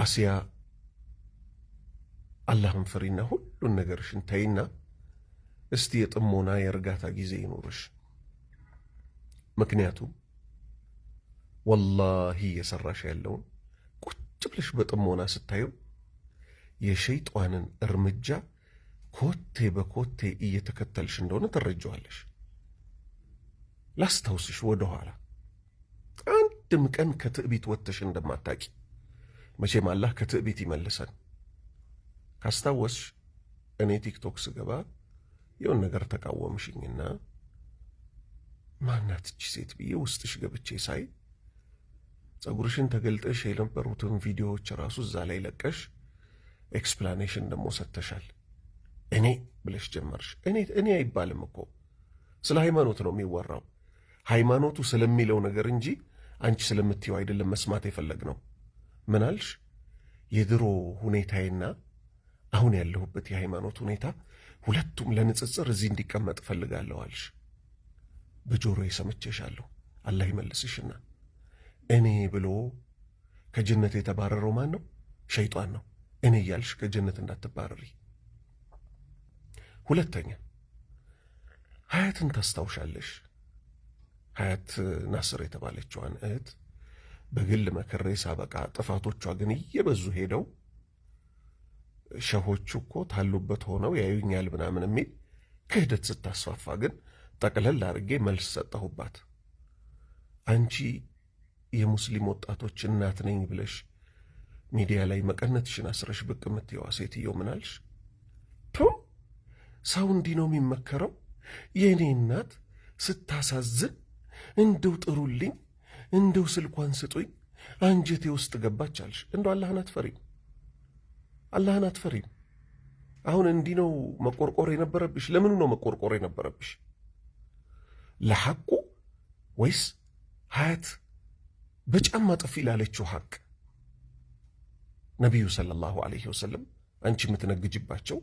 አስያ አላህን ፍሪና ሁሉን ነገርሽን ተይና እስቲ የጥሞና የእርጋታ ጊዜ ይኖርሽ። ምክንያቱም ወላሂ እየሰራሽ ያለውን ቁጭ ብለሽ በጥሞና ስታየው የሸይጧንን እርምጃ ኮቴ በኮቴ እየተከተልሽ እንደሆነ ትረጀዋለሽ። ላስታውስሽ ወደኋላ አንድም ቀን ከትዕቢት ወጥተሽ እንደማታቂ መቼም አላህ ከትዕቢት ይመልሰን። ካስታወስሽ እኔ ቲክቶክ ስገባ የሆን ነገር ተቃወምሽኝና ማናትች ሴት ብዬ ውስጥሽ ገብቼ ሳይ ጸጉርሽን ተገልጠሽ የነበሩትን ቪዲዮዎች ራሱ እዛ ላይ ለቀሽ ኤክስፕላኔሽን ደግሞ ሰጥተሻል። እኔ ብለሽ ጀመርሽ። እኔ እኔ አይባልም እኮ ስለ ሃይማኖት ነው የሚወራው። ሃይማኖቱ ስለሚለው ነገር እንጂ አንቺ ስለምትየው አይደለም መስማት የፈለግ ነው። ምናልሽ የድሮ ሁኔታዬና አሁን ያለሁበት የሃይማኖት ሁኔታ ሁለቱም ለንጽጽር እዚህ እንዲቀመጥ እፈልጋለሁ አልሽ። በጆሮ የሰምቼሻለሁ። አላህ ይመልስሽና እኔ ብሎ ከጀነት የተባረረው ማን ነው? ሸይጧን ነው። እኔ እያልሽ ከጀነት እንዳትባረሪ። ሁለተኛ ሀያትን ታስታውሻለሽ? ሀያት ናስር የተባለችዋን እህት በግል መከሬ ሳበቃ ጥፋቶቿ ግን እየበዙ ሄደው ሸሆቹ እኮ ታሉበት ሆነው ያዩኛል ምናምን የሚል ክህደት ስታስፋፋ ግን ጠቅለል አድርጌ መልስ ሰጠሁባት። አንቺ የሙስሊም ወጣቶች እናት ነኝ ብለሽ ሚዲያ ላይ መቀነትሽን አስረሽ ብቅ የምትየዋ ሴትዮ ምናልሽ? ቱ ሰው እንዲህ ነው የሚመከረው? የእኔ እናት ስታሳዝን፣ እንደው ጥሩልኝ እንደው ስልኳን ስጡኝ አንጀቴ ውስጥ ገባች አልሽ። እንደ አላህን አትፈሪም? አላህን አትፈሪም? አሁን እንዲህ ነው መቆርቆር የነበረብሽ? ለምኑ ነው መቆርቆር የነበረብሽ? ለሐቁ ወይስ ሀያት በጫማ ጥፊ ላለችው ሐቅ? ነቢዩ ሰለላሁ ዐለይሂ ወሰለም አንቺ የምትነግጅባቸው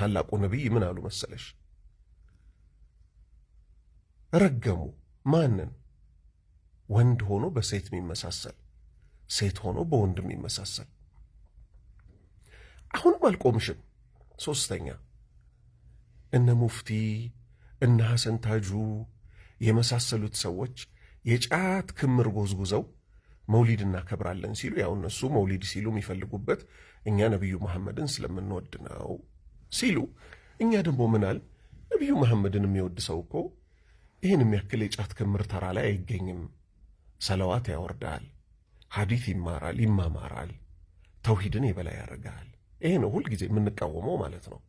ታላቁ ነቢይ ምን አሉ መሰለሽ? ረገሙ ማንን ወንድ ሆኖ በሴት የሚመሳሰል፣ ሴት ሆኖ በወንድ የሚመሳሰል። አሁንም አልቆምሽም። ሶስተኛ እነ ሙፍቲ እነ ሐሰን ታጁ የመሳሰሉት ሰዎች የጫት ክምር ጎዝጉዘው መውሊድ እናከብራለን ሲሉ ያው እነሱ መውሊድ ሲሉ የሚፈልጉበት እኛ ነቢዩ መሐመድን ስለምንወድ ነው ሲሉ፣ እኛ ደግሞ ምናል ነቢዩ መሐመድን የሚወድ ሰው እኮ ይህን የሚያክል የጫት ክምር ተራ ላይ አይገኝም። ሰለዋት ያወርዳል፣ ሐዲት ይማራል፣ ይማማራል፣ ተውሂድን የበላይ ያደርጋል። ይሄ ነው ሁልጊዜ የምንቃወመው ማለት ነው።